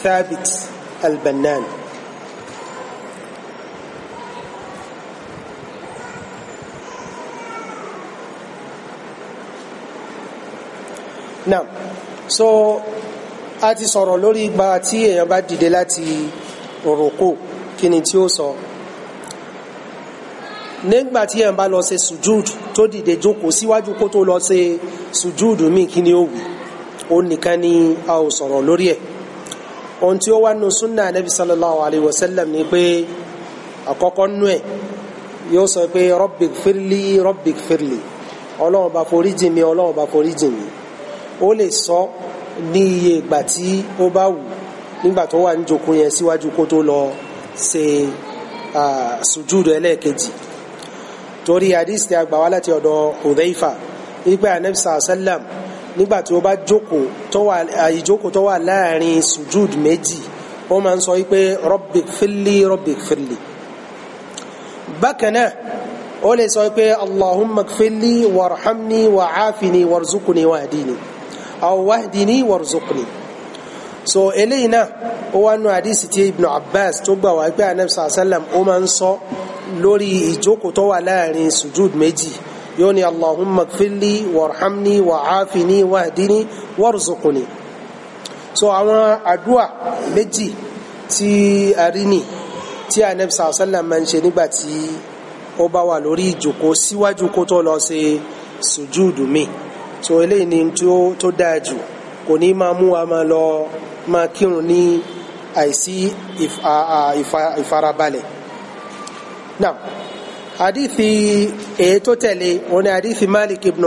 Thabit al now so a ti sọ̀rọ̀ lórí ìgbà tí èèyàn bá dìde láti rùkú kí ni tí ó sọ so nígbà tí ẹ̀ ń bá lọ ṣe sùjúùdù tó dìde jókòó síwájú kó tó lọ ṣe sùjúùdù míì kí ni ó wù ó nìkan ni a ò sọ̀rọ̀ lórí ẹ̀ ohun tí ó wá nu súnà anabi sallallahu alayhi wa sallam ni pé àkọ́kọ́ nú ẹ̀ yóò sọ pé rọ́bìk fírlì rọ́bìk fírlì ọlọ́run bá forí jì mí ọlọ́run bá forí jì mí ó lè sọ ní iye ìgbà tí ó bá wù nígbà tó wà ní jókòó yẹn síwájú kó tó lọ ṣe sùjúùdù ẹlẹ́ẹ̀kejì torí hadith tí a gbà wá láti ọ̀dọ̀ Hudhaifa wípé anabi sàlám nígbà tí ó bá jókòó tó wà ìjókòó tó wà láàrin sujud méjì ó máa ń sọ wípé rọ́bì fìlì rọ́bì fìlì bákan náà ó lè sọ pé allahumma gfirli warhamni wa'afini warzuqni wahdini aw wahdini warzuqni. Wa so eléyìí náà ó wá nu àdísì tí Ibn Abbas tó gbà wá pé anabi sàlám ó máa ń sọ lórí ìjókòó tó wà láàrin sujud méjì yóò ní allahumma gfirli warhamni wa'afini wahdini warzuqni so àwọn àdúà méjì tí àríní tí anabi sàlám máa ń ṣe nígbà tí ó bá wà lórí ìjókòó síwájú kó tó lọ ṣe sujud mi so eléyìí ni tó dáa jù kò ní máa mú wa máa lọ máa kírun ní àìsí ìfarabalẹ̀ náà hadithi èyí tó tẹ̀lé wọn ni hadithi malik ibn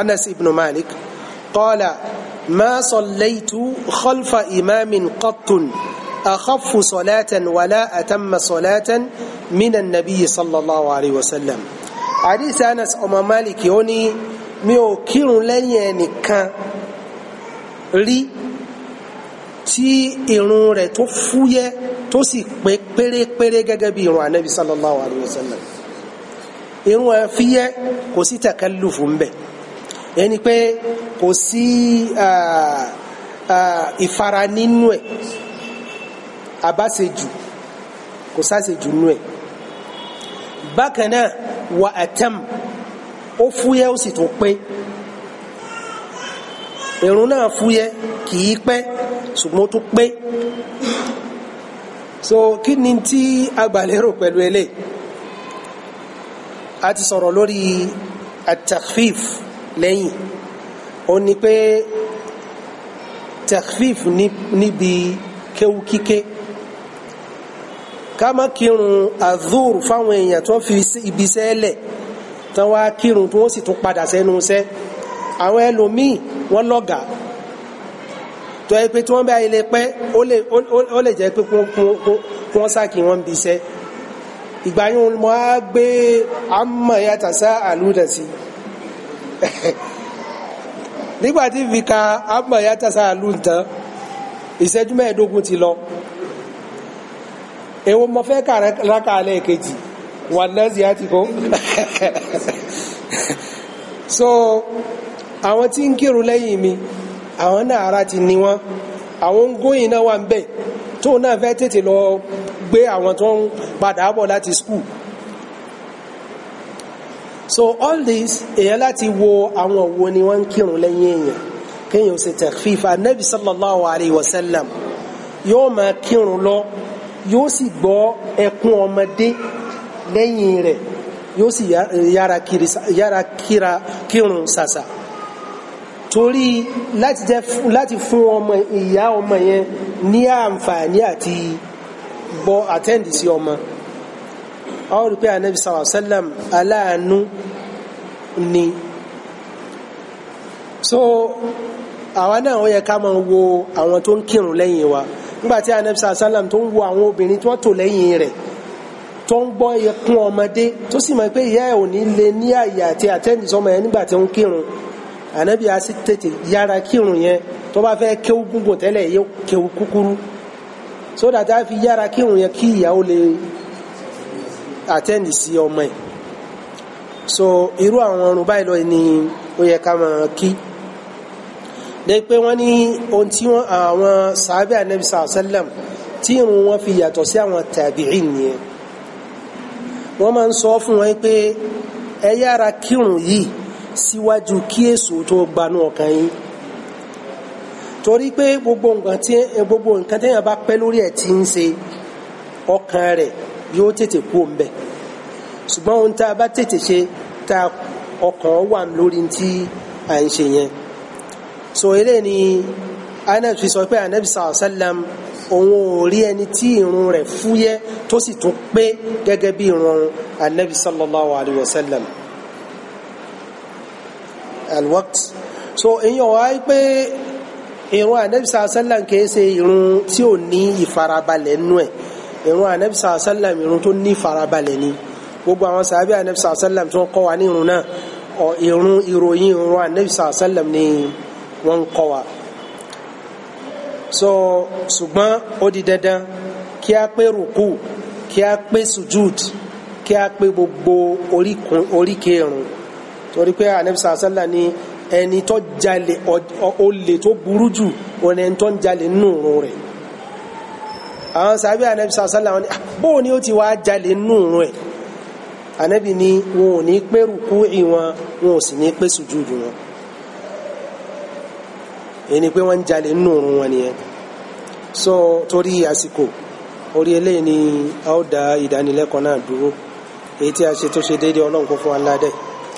anas ibn malik qala ma sallaytu khalfa imamin qattun أخف صلاة ولا أتم صلاة من النبي صلى الله عليه وسلم حديث أنس أم مالك يوني mi ò kírun lẹ́yìn ẹnìkan rí tí irun rẹ̀ tó fúyẹ́ tó sì pé pérépéré gẹ́gẹ́ bí irun ànábi sallallahu alayhi wa sallam irun ẹ̀ fúyẹ́ kò sí takalufu ń bẹ ẹni pé kò sí ìfara nínú ẹ̀ àbáṣejù kò sáṣejù nínú ẹ̀ bákan náà wà á tẹ́m ó fúyẹ́ ó sì tó pé irun náà fúyẹ́ kì í pẹ́ ṣùgbọ́n tó pé so kí ni tí agbàlérò pẹ̀lú ẹlẹ́ a ti sọ̀rọ̀ lórí at-takhfif lẹ́yìn ó ní pé takhfif níbi kéwú kíké ká má kírun azur fáwọn èèyàn tó fi ibi sẹ́lẹ̀ tán wá kírun tó sì tún padà sẹ́nu sẹ́ẹ́ àwọn ẹlòmíì wọ́n lọ́gà tó ẹ pé tí wọ́n bá ilé pẹ́ ó lè jẹ́ pé kí wọ́n sáàkì wọ́n bí iṣẹ́ ìgbà yóò mọ́ á gbé àmọ́ yàtà sá àlúdà sí [LAUGHS] nígbàtí fi ka àmọ́ yàtà sá àlúdà ìṣẹ́jú mẹ́ẹ̀ẹ́dógún ti lọ èwo mọ fẹ́ kà rákà alẹ́ kejì wà lẹ́sì àti [LAUGHS] so àwọn tí ń kírun lẹ́yìn mi àwọn náà ara ti ní wọn àwọn góyìn náà wà ń bẹ̀ tó náà fẹ́ tètè lọ gbé àwọn tó ń padà bọ̀ láti school so all this èyàn láti wo àwọn òwò ni wọ́n ń kírun lẹ́yìn èèyàn kéèyàn ṣe takhfif anabi sallallahu alayhi wa sallam yóò máa kírun lọ yóò sì gbọ́ ẹkún ọmọdé lẹ́yìn rẹ̀ yóò sì yára kírun ṣàṣà torí láti jẹ́ láti fún ọmọ ìyá ọmọ yẹn ní àǹfààní àti bọ́ àtẹ́ǹdì sí ọmọ a ó rí pé anabi sallallahu alaihi wasallam aláàánú ni so àwa náà ó yẹ ká máa wo àwọn tó ń kírun lẹ́yìn wa nígbàtí anabi sallallahu alaihi wasallam tó ń wo àwọn obìnrin tí wọ́n tò lẹ́yìn rẹ̀ tó ń gbọ́ ẹkún ọmọdé tó sì mọ̀ pé ìyá ẹ̀ ò ní lè ní àyè àti àtẹ́ǹdì sọmọ ẹ̀ nígbà tí ó ń kírun ànábì á sì tètè yára kírun yẹn tó bá fẹ́ kéwú gúngùn tẹ́lẹ̀ yóò kéwú kúkúrú sódà tá fi yára kírun yẹn kí ìyàwó lè àtẹ́ǹdì sí ọmọ so irú àwọn ọrùn báyìí lọ ni ó yẹ ká máa kí de pé wọ́n ní ohun tí wọ́n àwọn sàábẹ́ ànábì sàásẹ́lẹ̀m tí irun wọn fi yàtọ̀ sí àwọn tàbíìn nìyẹn wọ́n máa ń sọ fún wọn pé ẹ yára kírun síwájú kí èso tó gbanú ọkàn yín torí pé gbogbo nǹkan tí gbogbo nǹkan tí èèyàn bá pẹ́ lórí ẹ̀ ti ń ṣe ọkàn rẹ̀ yóò tètè kú òǹbẹ̀ ṣùgbọ́n ohun tá a bá tètè ṣe tá ọkàn wà lórí tí à ń ṣe yẹn so eré ni Anas fi sọ pé anabi sàlọ sàlám òun ò rí ẹni tí irun rẹ̀ fúyẹ́ tó sì tún pé gẹ́gẹ́ bí irun anabi sallallahu alayhi wa sallam alwakt so èyàn wá pé ìrun anabisa sallam kìí ṣe ìrun tí ò ní ìfarabalẹ̀ nú ẹ̀ ìrun anabisa sallam ìrun tó ní ìfarabalẹ̀ ni gbogbo àwọn sàbẹ̀ anabisa sallam tí wọ́n kọ́ wa ní ìrun náà ìrun ìròyìn ìrun anabisa sallam ni wọ́n ń kọ́ wa so ṣùgbọ́n ó di dandan kí a pé rùkú kí a pé sujud kí a pé gbogbo oríkèérùn. Orí torí pé anabisa asala ni ẹni tó jalè olè tó burú jù òun ẹni tó ń jalè nínú òun rẹ̀ àwọn sàbí anabisa asala wọn ni ah, bóun ni ó ti wá jalè nínú òun rẹ̀ ni wọn ò ní pé rúkú ìwọn wọn ò sì ní pé sùjúdù wọn ẹni pé wọn ń jalè nínú òun wọn nìyẹn so torí àsìkò orí eléyìí ni a ó dá ìdánilẹ́kọ̀ọ́ náà dúró èyí tí a ṣe tó ṣe déédéé ọlọ́run kó fún wa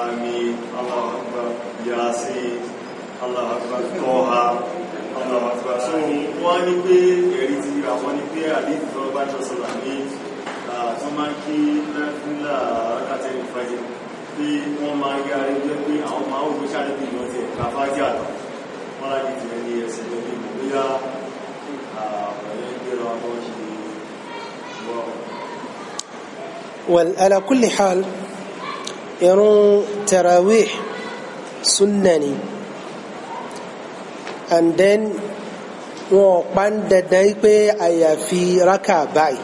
آمين الله أكبر ياسين الله أكبر طه الله أكبر so wọ́n ní pé ẹ̀rí ti ra wọ́n ní pé àdéhùn tó bá jọ sọ̀rọ̀ ní tó máa ń kí náfúlà rákàtẹ́rì fàjẹ́ pé wọ́n máa ń yára jẹ́ pé àwọn máa ń gbéṣà níbi ìlú ọ̀tẹ̀ kàfájà lọ wọ́n láti tẹ̀lé ní ẹsẹ̀ lórí ìgbéyà pẹ̀lú ìgbéra wọn ṣe wọ́n. wal ala kulli hal ìrun tarawih sunna and then wọn pa ń dandan pé àyàfi rákà báyìí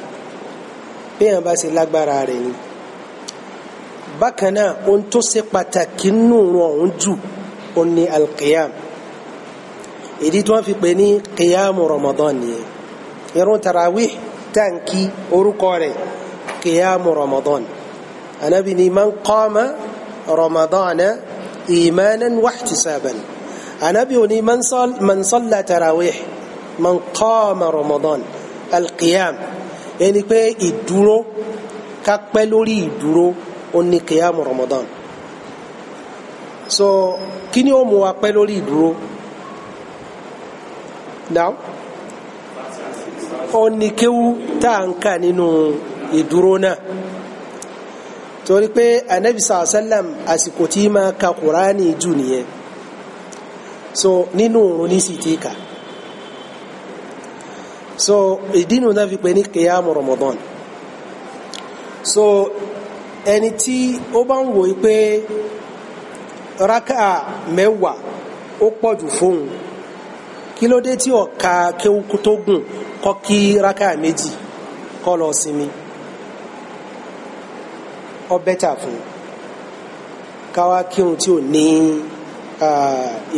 bí èèyàn bá ṣe lágbára rẹ̀ ni bákan náà ohun tó ṣe pàtàkì nínú ọ̀hún jù ó ní alqiyam ìdí tí wọ́n fi pè ní qiyamu ramadan nìyẹn ìrun tarawih tanki orúkọ rẹ̀ qiyamu ramadan anabi ni man qama ramadana imanan wahtisaban anabi oni man salla tarawih man qama ramadan alqiyam ẹni pé ìdúró ká pẹ́ lórí ìdúró ó qiyam ramadan so kí ni ó mú wa pẹ́ lórí ìdúró now ó ní kéwú tá à ń kà nínú torí pé anabi sàásálàm àsìkò tí máa ka kùránì jù nìyẹn so nínú òun ní sì ti kà so ìdínú náà fi pè ní kìyàmù Ramadan so ẹni tí ó bá ń wò ó pé rákà mẹ́wàá ó pọ̀jù fóun kí ló dé tí ó ka tó gùn kọ́ kí rákà méjì kọ́ lọ sinmi ọ bẹ́tà fún káwá kírun tí ò ní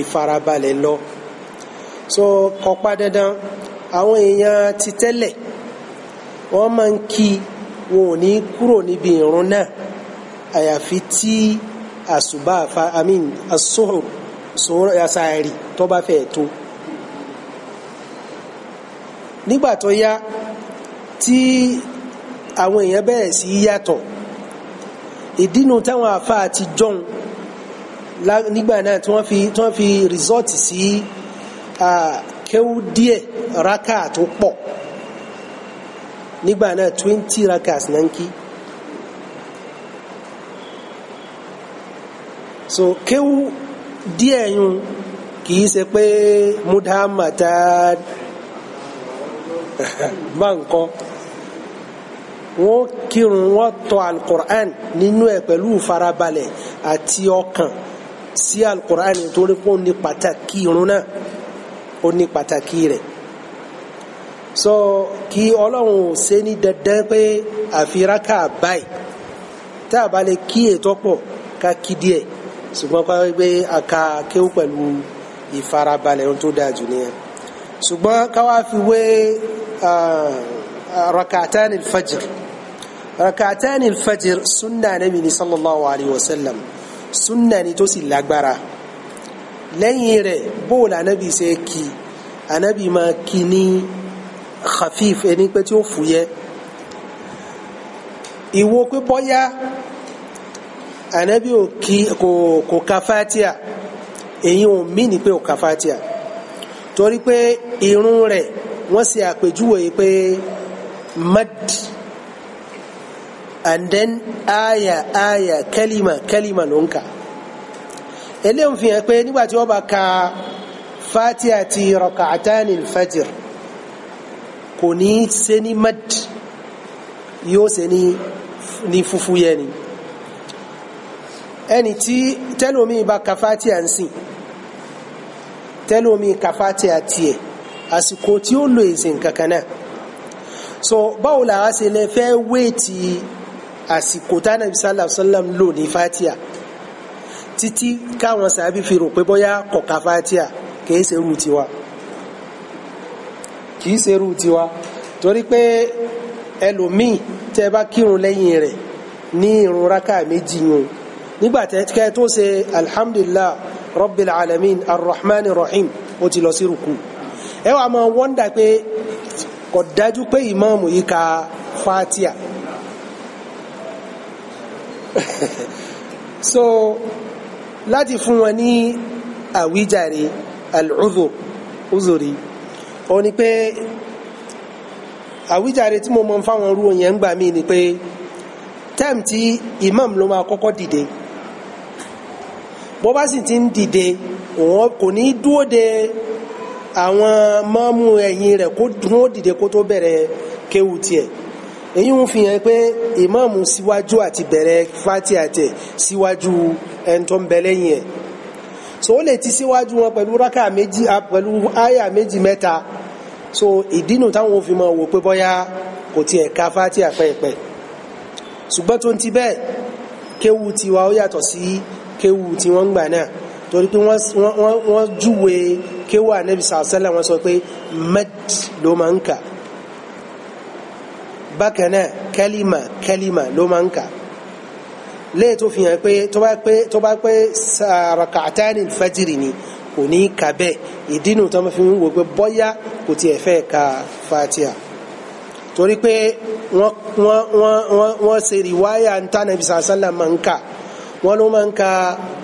ìfarabalẹ̀ lọ so kọpá dandan àwọn èèyàn ti tẹ́lẹ̀ wọ́n máa ń kí wọn ò ní kúrò níbi ìrun náà àyàfi tí àsùbá àfa amin asóhùn sòrò àsàárì tó bá fẹ́ tó nígbà tó yá tí àwọn èèyàn bẹ̀rẹ̀ sí yàtọ̀ ìdínú táwọn afa àti john nígbà náà tí wọ́n fi tí wọ́n fi rìsọ́ọ̀tì sí kéwú díẹ̀ raka tó pọ̀ nígbà náà twenty rakas náà ń kí. so kéwú díẹ̀ yun kìí ṣe pé mudhamata [LAUGHS] bá nǹkan wọ́n kírun wọ́n tọ́ alukur'an nínú ẹ̀ pẹ̀lú farabalẹ̀ àti ọkàn sí alukur'an torí pé ó ní pàtàkì irun náà ó ní pàtàkì rẹ̀ so kí ọlọ́run ò ṣe ní dandan pé àfirákà báyìí tá a bá lè kí ètò pọ̀ ká kí díẹ̀ ṣùgbọ́n ká wípé àka kéwú pẹ̀lú ìfarabalẹ̀ ohun tó dáa jù nìyẹn ṣùgbọ́n ká fi wé. Uh, rak'atani al-fajr rak'atani al-fajr sunna nabi ni sallallahu alayhi wa sallam sunna ni tó sì lágbára lẹ́yìn rẹ̀ bóòlù anabi ṣe kí anabi máa kí ní khafif ẹni pé tí ó fúyẹ́ ìwo pé bọ́yá anabi ò kí kò kò ka fatia èyí ò mí ni pé ò ka fatia torí pé irun rẹ̀ wọ́n ṣe àpèjúwe pé. Pe mad and then aya aya kalima kalima ló ń kà eléyìí fi hàn pé nígbà tí wọ́n bá ka fati àti rakatani fajr kò ní ṣe ní mad yóò ṣe ní ní fufu yẹn ni ẹni tí tẹ́lómi bá ka fati à ń sìn tẹ́lómi ka fati àti ẹ̀ àsìkò tí ó lo ìsìn kankan náà so báwo la ṣe lè fẹ́ wéètì àsìkò tánàbí sálà sálàm lò ní fatia títí káwọn sàbí fi rò pé bóyá kọ̀ka fatia kìí ṣe rú tiwa kìí ṣe rú tiwa torí pé ẹlòmíì tẹ bá kírun lẹ́yìn rẹ̀ ní irun rákà méjì yun nígbà tẹ tó ṣe alhamdulillah rabbil alamin arrahmanir rahim ó ti lọ sí rùkú ẹ wàá máa wọ́ndà pé kò dájú pé ìmáàmù yìí ka fatia [LAUGHS] so láti fún wọn ní àwíjàre al-udhur uzuri ó ní pé àwíjàre tí mo mọ fáwọn irú yẹn ń mí ni pé tẹ́m tí imam ló máa kọ́kọ́ dìde bó bá sì ti ń dìde òun kò ní dúó de àwọn mọ́mú ẹ̀yìn rẹ̀ kó dúró dìde kó tó bẹ̀rẹ̀ kéwù tiẹ̀ èyí ń fi hàn pé ìmáàmù síwájú àti bẹ̀rẹ̀ fati àtẹ̀ síwájú ẹni tó ń bẹ lẹ́yìn ẹ̀ so ó lè ti síwájú wọn pẹ̀lú rákà méjì pẹ̀lú àyà méjì mẹ́ta so ìdínú táwọn òfin máa wò pé bọ́yá kò tiẹ̀ ka fati àpẹ́ẹ̀pẹ́ ṣùgbọ́n tó ń ti bẹ́ẹ̀ kéwu tiwa ó yàtọ̀ sí kéwu tí wọ́n ń gbà náà torí pé wọ́n júwe kéwà Ànábì sàásẹ́lẹ̀ wọn sọ pé mad ló máa ń kà bákan náà kálímà kálímà ló máa ń kà léè tó fi hàn pé tó bá pé tó bá pé rak'atani fajiri ni kò ní kà bẹ́ẹ̀ ìdínú tó fi ń wò pé bọ́yá kò tiẹ̀ fẹ́ ka Fatiha torí pé wọ́n wọ́n wọ́n wọ́n ṣe rìwáyà ń tánà Ànábì sàásẹ́lẹ̀ máa ń kà wọ́n ló máa ń ka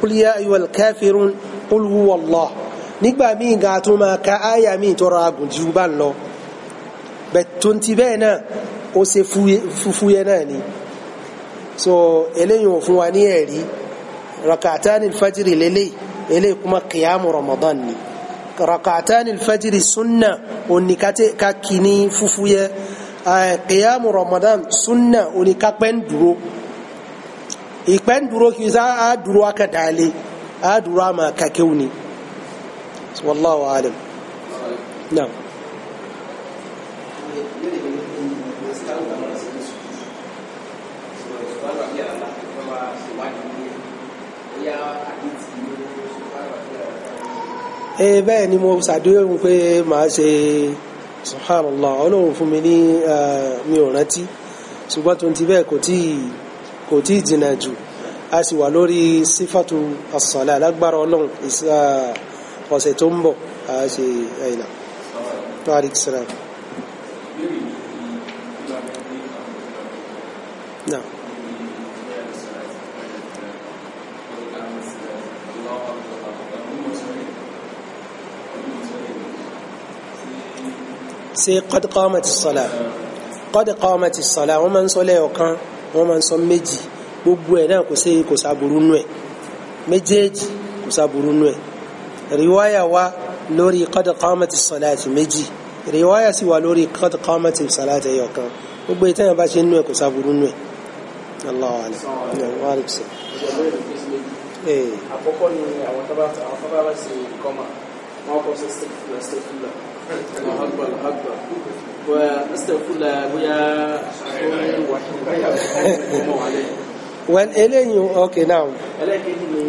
qul ya ayyuhal kafirun qul nígbà míì gan tó máa ka àyà míì tọrọ agùn ju bá ń lọ bẹ tó ti bẹ́ẹ̀ náà ó ṣe fúfúyẹ́ náà ni so eléyìí ò fún wa ní ẹ̀rí rakatani fajiri lélẹ̀ eléyìí kuma kìyàmù ramadan ni rakatani fajiri sunna oníkàtẹ kakini fúfúyẹ́ kìyàmù ramadan sunna oníkàpẹ́ ń dúró ìpẹ́ ń dúró kì í sá àdúró akadàlẹ̀ àdúró àmà kakẹ́wò ni. والله أعلم نعم ee eh, bẹ́ẹ̀ ni mo ṣàdéhùn pé màá ṣe subhanallah ọlọ́run fún mi ní mi ò rántí ṣùgbọ́n tó ń ti bẹ́ẹ̀ kò tí kò tí jìnnà jù a sì wà lórí sífàtù as-salat lágbára ọlọ́run ọ̀sẹ̀ tó ń bọ̀ a ṣe àìlà tariq salam náà ṣe qad qamati salat qad qamati salat wọ́n máa ń sọ lẹ́ọ̀kan wọ́n máa ń sọ méjì gbogbo ẹ̀ náà kò sí kò sáburú nù ẹ̀ méjèèjì kò sáburú nù ẹ̀ riwaya wà lórí qad qamati salati méjì riwaya sì wà lórí qad qamati salati ẹyọ kan gbogbo ìtẹ́yìn bá ṣe nú ẹ̀ kò sábúrú nú ẹ̀ Allahu alayhi eh. àkọ́kọ́ ni àwọn tábà àwọn tábà bá ṣe kọ́mà wọn kọ́ sí stéfúlà stéfúlà wọn àgbà àgbà bóyá stéfúlà bóyá orin wà ọmọ wà lẹ́yìn. well eléyìí okay now. ẹlẹ́kẹ̀ẹ́ ni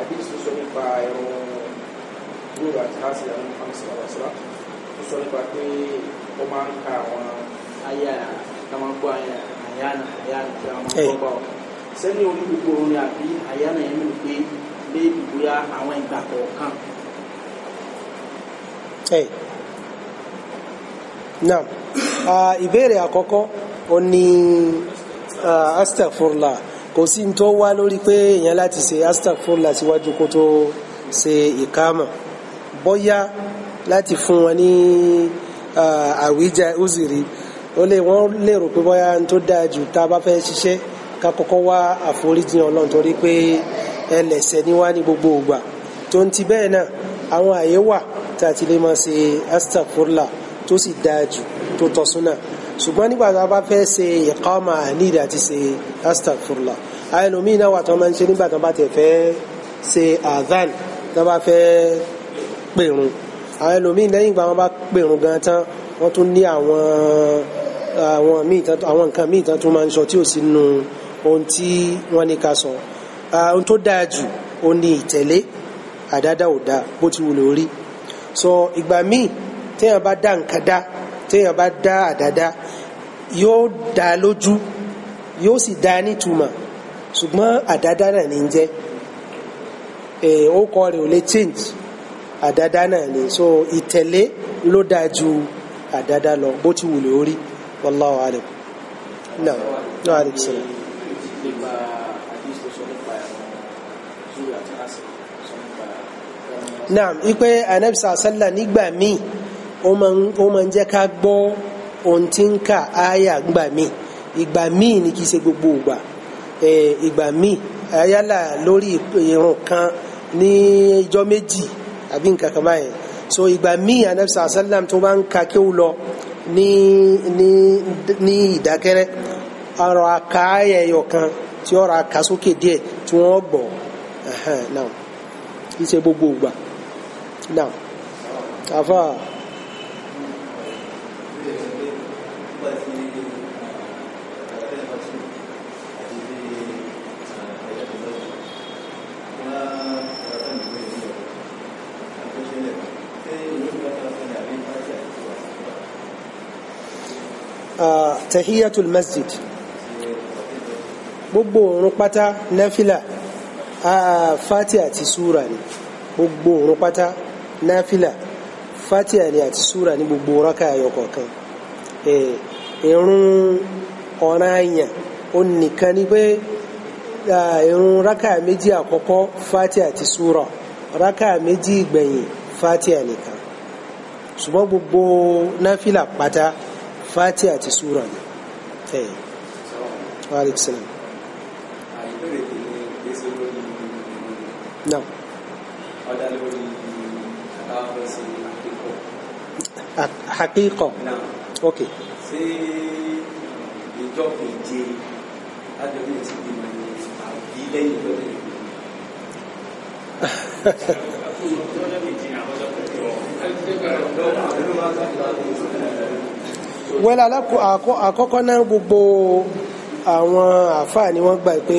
àdìsù eh, nípa ẹ̀rùn gbòòrò àti láti àwọn hamsin àwàsílá ó sọ nípa pé ó máa ń ka àwọn ayé àtàmọ́gbọ́ àyànà àyànà tí a máa ń gbọ́ bá ọ sẹ́ni olúgbogbo orin àbí àyànà yẹn ló pé lé ìgbóyà àwọn ìgbà kọ̀ọ̀kan. náà uh, ìbéèrè àkọ́kọ́ ó ní uh, astaghfirullah kò sí ní tó wá lórí pé èèyàn láti ṣe astagfirullah síwájú kó tó ṣe ìkámà bóyá láti fún wọn ní àwíjà uziri ó lè wọ́n lérò pé bóyá ní tó dáa jù tá a bá fẹ́ ṣiṣẹ́ ká kọ́kọ́ wá àforíjì ọlọ́run torí pé ẹlẹ́ṣẹ̀ ni wá ní gbogbo ògbà tó ń ti bẹ́ẹ̀ náà àwọn àyè wà tá a ti lè máa ṣe astagfirullah tó sì dáa jù tó tọ́ súnà ṣùgbọ́n nígbà tá a bá fẹ́ ṣe ìkámà nídìí àti ṣe astagfurlah àyẹ̀lómìn náà wà tó máa ń ṣe nígbà tó bá tẹ̀ fẹ́ ṣe adhan tó bá fẹ́ pèrun àyẹ̀lómìn lẹ́yìn ìgbà wọn bá pèrun gan tán wọ́n tún ní àwọn àwọn míì tán àwọn nǹkan míì tán tún máa ń sọ tí ò sí nu ohun tí wọ́n ní ká sọ ohun tó dáa jù ó ní ìtẹ̀lé àdáda ò dáa bó ti wù lórí so ìgbà míì téèyàn bá dá nǹkan dá téèyàn bá dá àdáda yóò dá lójú yóò sì dá nítumọ̀ ṣùgbọ́n àdáda náà ní jẹ́ ó kọ rẹ̀ ò lè change àdáda náà ni so ìtẹ̀lé ló dáa ju àdáda lọ bó ti wù lè orí wallahu alam náà náà alaykum salaam. naam ipe anabi sallallahu alaihi wasallam ó máa ń jẹ́ ká gbọ́ ohun tí ń kà áyà gbà mí ìgbà míì ni kì í ṣe gbogbo ìgbà ìgbà míì ayálà lórí irun kan ní ijọ́ méjì àbí nǹkan kan báyìí so ìgbà míì anabisa asalam tó bá ń ka kéwù lọ ní ní ní ìdákẹ́rẹ́ ọ̀rọ̀ àka ayà ẹyọ kan tí ọ̀rọ̀ àka sókè díẹ̀ tí wọ́n gbọ́ kì í ṣe gbogbo ìgbà now afa. tahiyatul masjid gbogbo òrùn pátá náfìlà fati àti súra ni gbogbo òrùn pátá náfìlà fati àni àti súra ni gbogbo rákà ayọ̀kọ̀ọ̀kan ìrun ọ̀ràn àyàn ó nìkan ni pé ìrun rákà méjì àkọ́kọ́ fati àti súra rákà méjì ìgbẹ̀yìn fati ànìkan ṣùgbọ́n gbogbo náfìlà pátá fatiha àti súra ni ẹ̀ wàhálà salam. àìbẹ̀rẹ̀ kì í gbèsè lórí náà ọ̀dà lórí àtàwọn ọ̀sẹ̀ àkíkọ̀. àkíkọ̀ ok. ṣé ìjọ keje lájọbí ti di mọ̀ ní àbí lẹ́yìn [LAUGHS] lọ́dọ̀ wẹ́lá àkọ́kọ́ náà gbogbo àwọn àfáà ni wọ́n gbà pé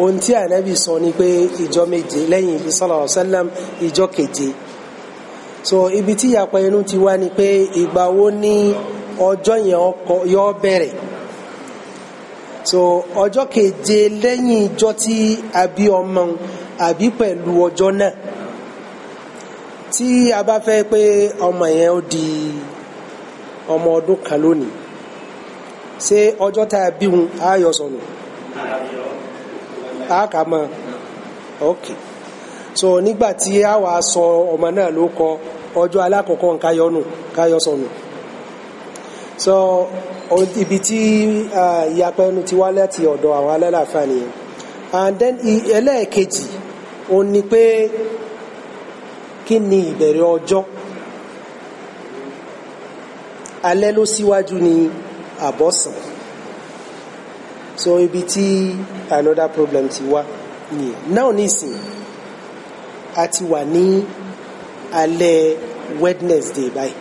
ohun tí ànábì sọ ni pé ìjọ méje lẹ́yìn ibi sallallahu alaihi ìjọ keje so ibi tí ìyapa inú ti wá ni pé ìgbà wo ni ọjọ́ yẹn yọ bẹ̀rẹ̀ so ọjọ́ keje lẹ́yìn ìjọ tí a bí ọmọ àbí pẹ̀lú ọjọ́ náà tí a bá fẹ́ pé ọmọ yẹn ó di ọmọ ọdún kan lónìí ṣé ọjọ́ tá a bí wọn á yọ sọnù á kà mọ́ ok so nígbà tí a wàá sọ ọmọ náà ló kọ ọjọ́ alákọ̀ọ́kọ́ nǹkan yọnu so ibi tí ìyapẹ́ ẹnu ti wá láti ọ̀dọ̀ àwọn alálàáfáà nìyẹn and then ẹlẹ́ẹ̀kejì òun ni pé kí ni ìbẹ̀rẹ̀ ọjọ́ alẹ́ ló síwájú ní àbọ̀sán so ibi tí another problem ti wá nìyẹn náà nísìn a ti wà ní alẹ́ Wednesday báyìí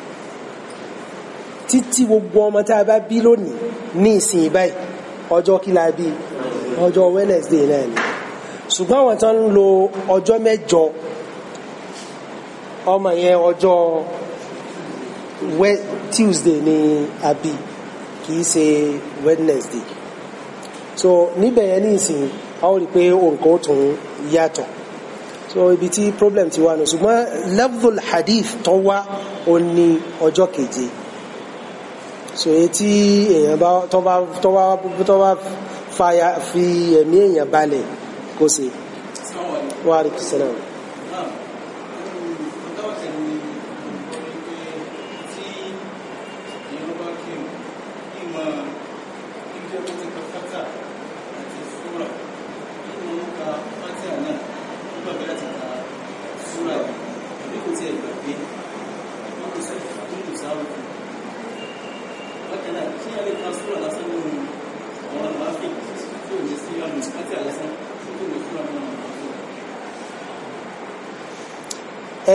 títí gbogbo ọmọ tá a bá bí lónìí ní ìsìn báyìí ọjọ́ kí la bí ọjọ́ Wednesday náà ni ṣùgbọ́n àwọn tán ń lo ọjọ́ mẹ́jọ ọmọ yẹn ọjọ́ Tuesday ni àbí kìí ṣe Wednesday so níbẹ̀ yẹn ní ìsìn a ó rí i pé òǹkà ó tún yàtọ̀ so ibi tí problem ti wà nù ṣùgbọ́n lafdhul hadith tó wá ó ní ọjọ́ keje so etí èèyàn bá tó bá tó bá tó bá fi ẹ̀mí èèyàn balẹ̀ kó ṣe. wa alaikum salaam.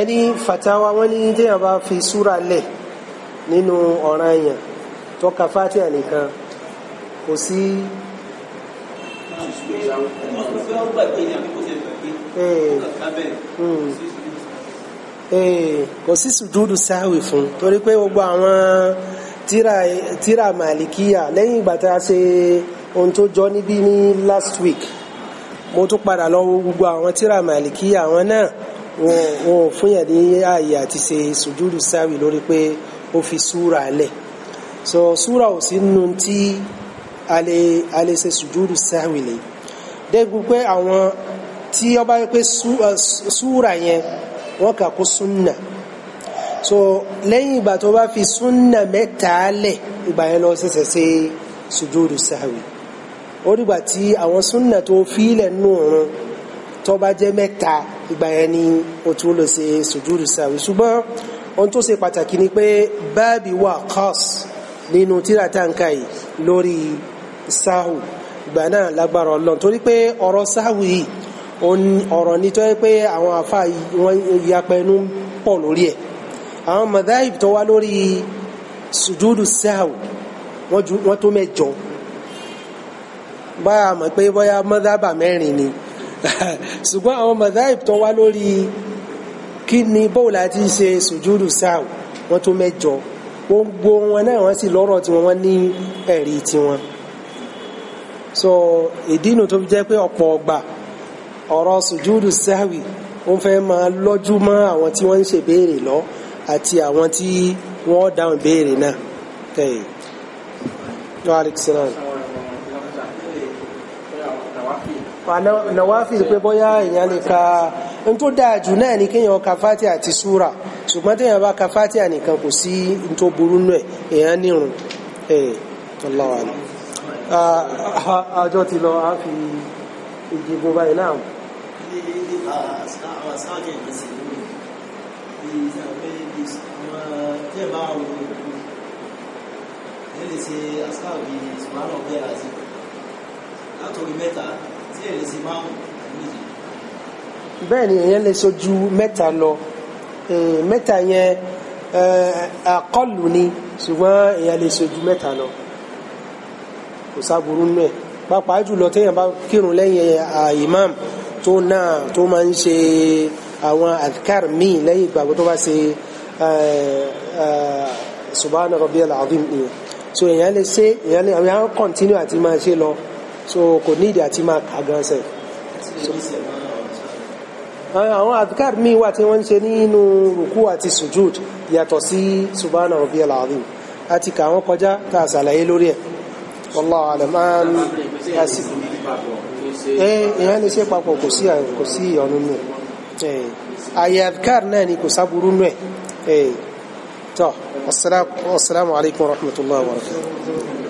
ẹni fatawa wọn ní téèyàn bá fi súra lẹ̀ nínú ọ̀ràn èèyàn tó ka fatiha nìkan kò sí. kò sí sùdúdù sáwì fún torí pé gbogbo àwọn tíra màlìkíyà lẹ́yìn ìgbà tá a ṣe ohun tó jọ níbí ní last week mo tún padà lọ wo gbogbo àwọn tíra màlìkíyà àwọn náà wọn ò fún yàn ní ààyè àti ṣe sùjúdù sáwì lórí pé ó fi súra lẹ̀ so súra ò sí nínú tí a lè ṣe sùjúdù sáwì lè dẹ́gun pé àwọn tí ó bá yẹ pé súra yẹn wọ́n kà kó súnà so lẹ́yìn ìgbà tó bá fi súnà mẹ́ta lẹ̀ ìgbà yẹn lọ ṣẹ̀ṣẹ̀ ṣe sùjúdù sáwì ó dìgbà tí àwọn súnà tó fi ilẹ̀ nù ọ̀run tó bá jẹ́ mẹ́ta ìgbà yẹn ni o tún lè ṣe sùjúdù sàwí ṣùgbọ́n ohun tó ṣe pàtàkì ni pé báàbí wà kọ́s nínú tíra táǹkà yìí lórí sáhù ìgbà náà lágbára ọlọ́run torí pé ọ̀rọ̀ sáhù yìí ọ̀rọ̀ ni tó yẹ pé àwọn àfa wọn yapẹnu pọ̀ lórí ẹ̀ àwọn madhaib tó wá lórí sùjúdù sáhù wọ́n tó mẹ́jọ báyà mọ̀ pé bóyá mọ́dábà mẹ́rin ni. [LAUGHS] ṣùgbọ́n àwọn madhaib tó wá lórí kí ni bóòlù àti ṣe sùjúdù sáà wọ́n tó mẹ́jọ gbogbo wọn náà wọ́n sì lọ́rọ̀ tí wọ́n ní ẹ̀rí tiwọn so ìdínú tó fi jẹ́ pé ọ̀pọ̀ ọgbà ọ̀rọ̀ sùjúdù sáàwì ó fẹ́ máa lọ́jú mọ́ àwọn tí wọ́n ń ṣe béèrè lọ àti àwọn tí wọ́n dáhùn béèrè náà. Thank you. nàwáfíìl pé bóyá èèyàn lè ka n tó dáa jù náà ni kéèyàn ka fati àti súra ṣùgbọ́n téèyàn bá ka fati ànìkan kò sí n tó burú nù ẹ̀ èèyàn nírun ẹ̀ ni. àjọ ti lọ a fi náà. Ele se bẹ́ẹ̀ ni èèyàn lè sojú mẹ́ta lọ mẹ́ta yẹn àkọlù ni ṣùgbọ́n èèyàn lè sojú mẹ́ta lọ kò sáburú nù ẹ̀ pàápàá jùlọ téèyàn bá kírun lẹ́yìn imam tó náà tó máa ń ṣe àwọn adkar míì lẹ́yìn ìgbà tó bá ṣe subhana rabbiyal azim so èèyàn lè ṣe èèyàn lè àwọn àti máa ṣe lọ so kò nídìí àti máa kà gan sẹ. àwọn adhkar míì wà tí wọ́n ń ṣe nínú rùkú àti sujud yàtọ̀ sí subhana rabbiyal azim àti kà wọ́n kọjá ká ṣàlàyé lórí ẹ̀ wallahu a'lam ẹ ìyẹn lè ṣe papọ̀ kò sí kò sí ìyọnu nù ẹ àyè náà ni kò sábúrú nù ẹ ẹ tọ́ assalamu alaikum warahmatullahi